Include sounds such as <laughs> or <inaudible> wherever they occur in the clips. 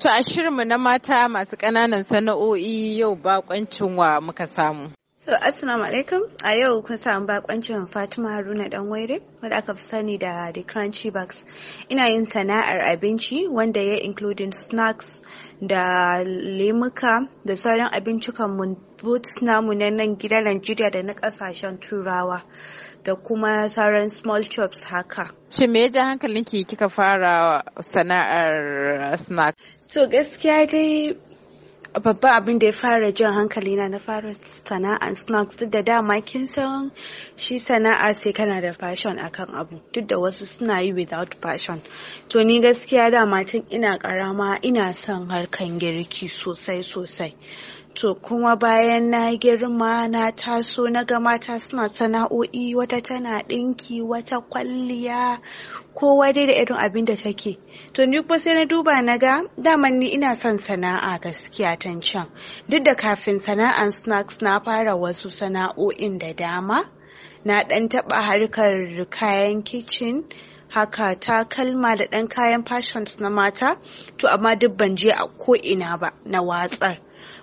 To a shirinmu na mata masu ƙananan sana'o'i yau bakoncin wa muka samu. So Assalamu alaikum a yau kun samu bakoncin Fatima Haruna dan waire wanda aka fi sani da The Crunchy Bags. Ina yin sana'ar abinci wanda ya including snacks da lemuka da sauran abincikan mu boots namu na nan gida Najeriya da na kasashen Turawa da kuma sauran small chops haka. Shin me ya hankalin ki kika fara sana'ar snack? to gaskiya dai babban abin da ya fara jan hankali na na fara sana'a snacks duk da dama kin san shi sana'a sai kana da fashion akan abu duk da wasu suna yi without fashion to ni gaskiya dama tun ina karama ina son harkan girki sosai sosai To kuma bayan na girma na taso na ga mata suna sana'o'i wata tana ɗinki wata kwalliya kowa dai da irin abin da take. To ni kuma sai na duba na ga daman ni ina son sana'a gaskiya tan can. Duk da kafin sana'an snacks na fara wasu sana'o'in da dama. Na ɗan taɓa harkar kayan kicin. haka ta kalma da ɗan kayan fashions na mata to amma duk ban je a ko'ina ba na watsar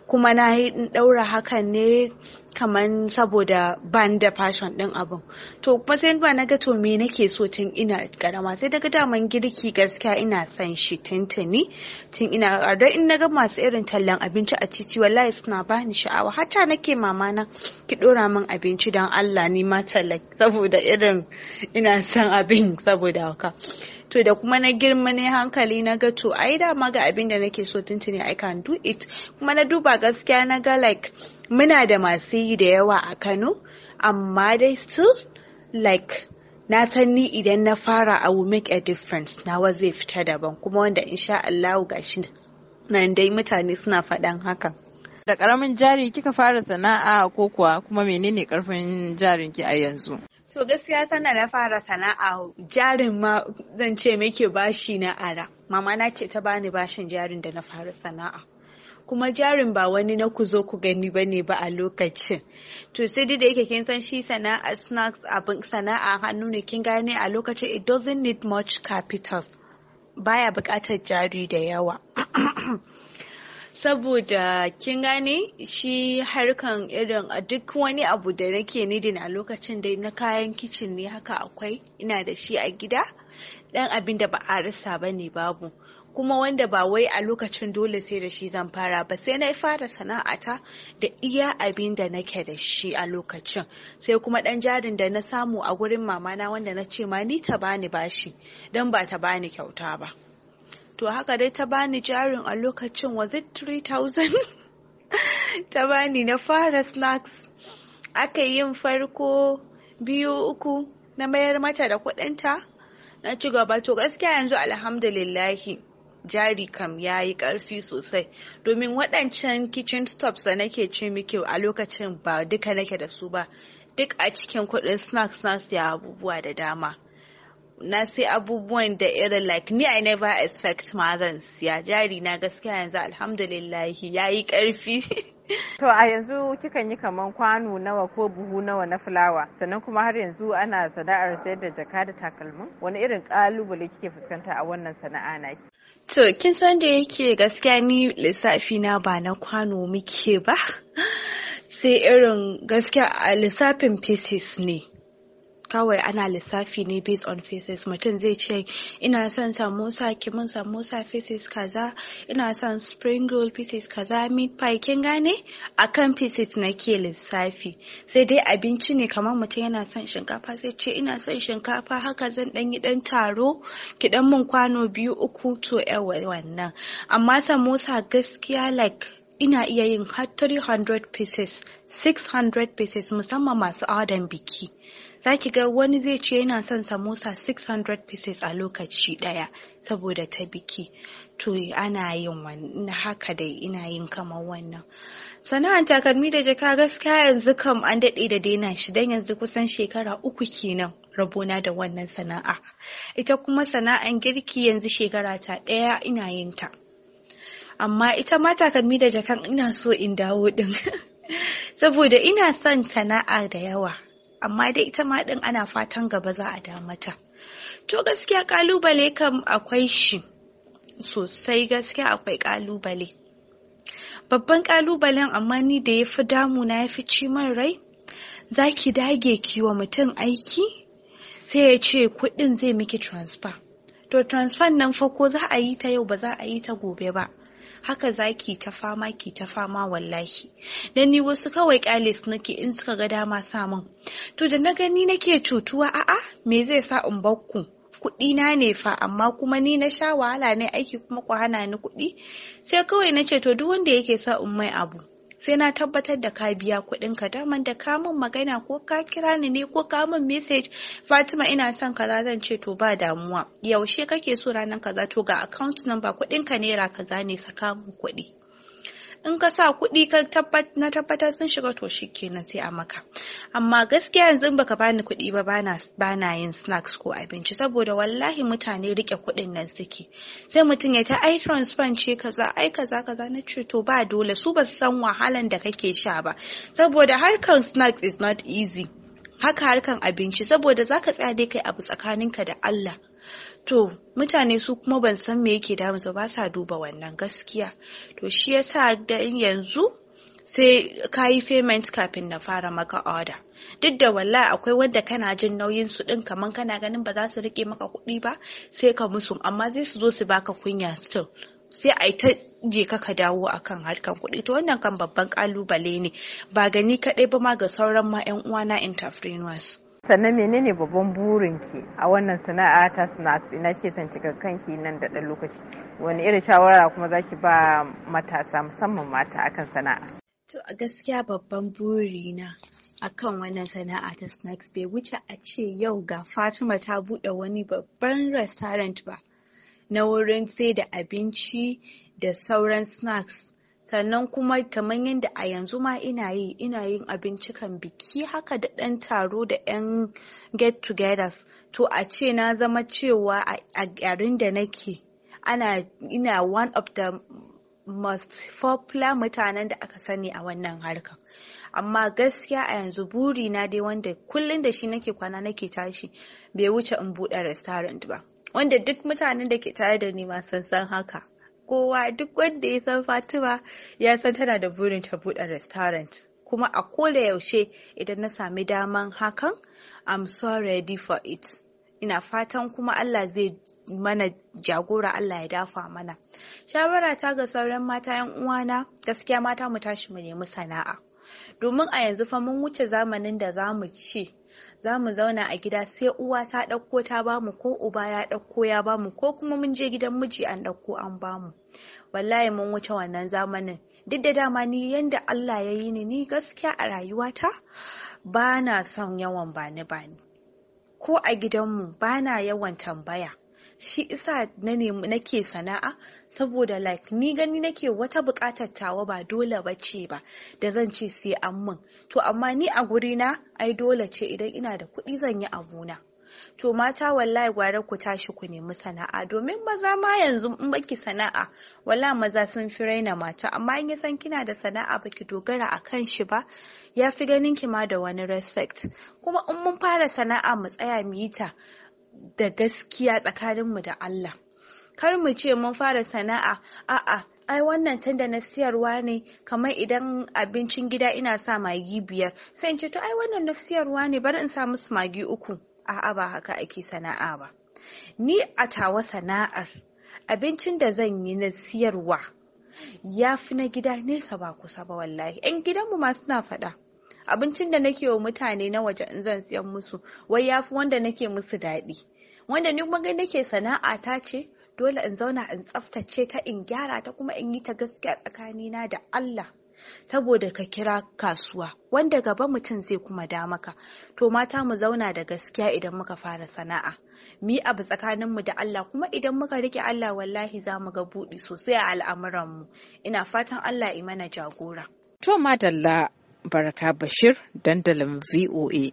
kuma na yi ɗaura hakan ne kaman saboda ban da fashon ɗin abin to kuma sai ba na ga to me nake so tun ina karama sai daga daman girki gaskiya ina san shi tuntuni tun ina arda in naga masu irin tallan abinci a titi wallahi suna bani sha'awa hata nake mama na ki dora min abinci dan Allah ni ma tallak saboda irin ina son abin saboda haka to da kuma na girma ne hankali na ga to ai dama ga abin da nake so tuntuni i can do it kuma na duba gaskiya na ga like muna da masu yi da yawa a Kano amma dai still like na sanni idan na fara I will make a difference nawa zai fita daban kuma wanda insha Allah gashi nan dai mutane suna faɗan hakan da ƙaramin jari kika fara sana'a ko kuwa kuma menene ƙarfin jarinki a yanzu To gaskiya sana na fara sana'a jarin ma zan ce muke bashi na ara. Mama na ce ta bani bashin jarin da na fara sana'a. Kuma jarin ba wani na ku zo ku gani ba ne ba a lokacin. To sai dai da yake kin san shi sana'a snacks abin sana'a hannu ne kin gane a lokacin it doesn't need much capital. Baya bukatar jari da yawa. <clears throat> saboda kin gane shi harkan irin a duk wani abu da nake nidina na lokacin da na kayan kicin ne haka akwai ina da shi a gida dan abin da ba a rasa ba ne babu kuma wanda ba wai a lokacin dole sai da shi zan fara ba sai na fara sana'ata da iya abin da nake da shi a lokacin sai kuma dan jarin da na samu a gurin mamana wanda na ce ma ni ta bani bashi don ba ta bani kyauta ba to haka dai ta bani jarin a lokacin was it 3000 <laughs> ta bani na fara snacks aka yin farko biyu uku na mayar mata da kudinta na ci gaba to gaskiya yanzu alhamdulillahi jari kam ya yi ƙarfi sosai domin waɗancan kitchen stops da nake ci miki a lokacin ba duka nake da su ba duk a cikin kudin snacks na siya abubuwa da dama na sai abubuwan da irin like me I never expect ma zan siya jari na gaskiya yanzu alhamdulillah ya yi karfi <laughs> To a yanzu kikan yi kamar kwano nawa ko buhu nawa na fulawa sannan kuma har yanzu ana sana'ar sayar da jaka da takalmin wani irin kalubale kike fuskanta a wannan sana'a naki? To kin san da yake gaskiya ni lissafi na ba na kwano muke ba <laughs> sai irin gaskiya a lissafin pieces ne. kawai ana lissafi ne based on faces mutum zai ce ina son samosa kimin samosa faces kaza ina son spring roll faces kaza meat pie kin gane akan faces ke lissafi sai dai abinci ne kamar mutum yana son shinkafa sai ce ina son shinkafa haka zan dan yi dan taro ki dan mun kwano biyu uku to yawa wannan amma samosa gaskiya like ina iya yin har 300 pieces 600 pieces musamman masu adan biki za ki ga wani zai ce yana son samosa 600 pieces a lokaci ɗaya saboda ta biki to ana yin haka dai ina yin kamar wannan sana'an takalmi da jaka gaskiya yanzu kam an daɗe da daina shi don yanzu kusan shekara uku kenan rabona da wannan sana'a ita kuma sana'an girki yanzu shekara ta ɗaya ina yin ta amma ita ma takalmi da jakan ina so in dawo ɗin <laughs> saboda ina son sana'a da yawa amma dai ita ma ɗin ana fatan gaba za a damata to gaskiya ƙalubale kam akwai shi sosai gaskiya akwai ƙalubale babban ƙalubalen amma ni da ya fi na ya fi man rai za ki dage kiwa mutum aiki sai ya ce kuɗin zai miki transfer to transfer nan fa ko za a yi ta yau ba za a yi ta gobe ba haka zaki ta fama ki ta fama wallahi dan ni wasu kawai kalis nake in suka ga dama samun to da na gani nake cutuwa a'a me zai sa in bakku kuɗi na ne fa amma kuma ni na sha wahala ne aiki kuma ku hana ni kuɗi sai kawai na ce to duk wanda yake sa in mai abu sai na tabbatar da ka biya kuɗin ka daman da ka min magana ko ka kira ni ne ko ka min message Fatima ina son kaza zan ce to ba damuwa yaushe kake so ranar kaza to ga account number kuɗin ka naira kaza ne saka mu kuɗi in ka sa kuɗi ka na tabbatar sun shiga to kenan sai a maka amma gaskiya yanzu baka bani kuɗi ba bana bana yin snacks ko abinci saboda wallahi mutane rike kuɗin nan suke sai mutum ya ta ai transfer ce kaza ai kaza kaza na ce to ba dole su ba san wahalan da kake sha ba saboda harkar snacks is not easy haka harkan abinci saboda zaka tsaya dai kai abu tsakaninka da Allah to mutane su kuma ban san me yake damu ba sa duba wannan gaskiya to shi ya sa da yanzu sai ka yi payment kafin na fara maka order duk da walla akwai wanda kana jin nauyin su din kaman kana ganin ba za su rike maka kuɗi ba sai ka musu amma zai su zo su baka kunya still sai a ta je ka ka dawo akan harkan kuɗi to wannan kan babban ƙalubale ne ba gani kaɗai ba ma ga sauran ma 'yan uwana entrepreneurs sannan menene babban burin ki a wannan sana'a ta snacks ina ke son kanki nan da ɗan lokaci wani irin shawara kuma za ki ba matasa musamman mata akan sana'a to a gaskiya babban burina akan wannan sana'a ta snacks bai wuce a ce yau ga fatima ta buɗe wani babban restaurant ba na wurin sai da abinci da sauran snacks sannan kuma kamar yadda a yanzu ma ina yi ina yin abincikan biki haka da ɗan taro da 'yan get togethers to a ce na zama cewa a garin da nake ana ina one of the most popular mutanen da aka sani a wannan harkar amma gaskiya a yanzu buri na dai wanda kullum da shi nake kwana nake tashi bai wuce in buɗe restaurant ba wanda duk mutanen da ke tare da ni ma sun san haka kowa duk wanda ya san Fatima ya san tana da burin ta buɗe restaurant. Kuma a koda yaushe idan na sami daman hakan, I'm so ready for it. Ina fatan kuma Allah zai mana jagora Allah ya dafa mana. Shawara ta ga sauran mata 'yan uwana gaskiya mata mu tashi mu nemi sana'a. Domin a yanzu fa mun wuce zamanin da za mu ce za mu zauna a gida sai uwa ta ɗauko ta bamu ko uba ya ɗauko ya bamu ko kuma mun je gidan miji an ɗauko an bamu wallahi mun wuce wannan zamanin duk da dama ni yanda Allah ya yi ni ni gaskiya a rayuwata ba na son yawan bani bani ko a gidanmu ba na yawan tambaya shi isa na nake sana'a saboda like ni gani nake wata bukatar tawa ba dole ba ce ba da zan ce sai an mun. to amma ni a guri na ai dole ce idan ina da kuɗi zan yi abuna to mata wallahi gwara ku tashi ku nemi sana'a domin maza ma yanzu in baki sana'a wala maza sun fi raina mata amma in san kina da sana'a baki dogara a kan shi ba ya fi ganin ki ma da wani respect kuma in mun fara sana'a mu tsaya mu yi ta da gaskiya tsakaninmu da Allah kar mu ce mun fara sana'a a'a ai wannan tun da na siyarwa ne kamar idan abincin gida ina sa magi biyar sai in ce to ai wannan na siyarwa ne bari in sa musu magi uku a'a ba haka ake sana'a ba ni a tawa sana'ar abincin da zan yi na siyarwa ya fi na gida nesa ba kusa ba wallahi 'yan gidanmu ma suna faɗa abincin da nake wa mutane na waje in zan siyan musu wai yafi wanda nake musu daɗi wanda ni kuma nake sana'a ta ce dole in zauna in tsaftace ta in gyara ta kuma in yi ta gaskiya tsakanina da Allah saboda ka kira kasuwa wanda gaba mutum zai kuma da maka to mata mu zauna da gaskiya idan muka fara sana'a mi abu tsakaninmu da Allah kuma idan muka rike Allah wallahi za mu ga buɗi sosai a al'amuranmu ina fatan Allah imana jagora To madalla Baraka Bashir dandalin VOA.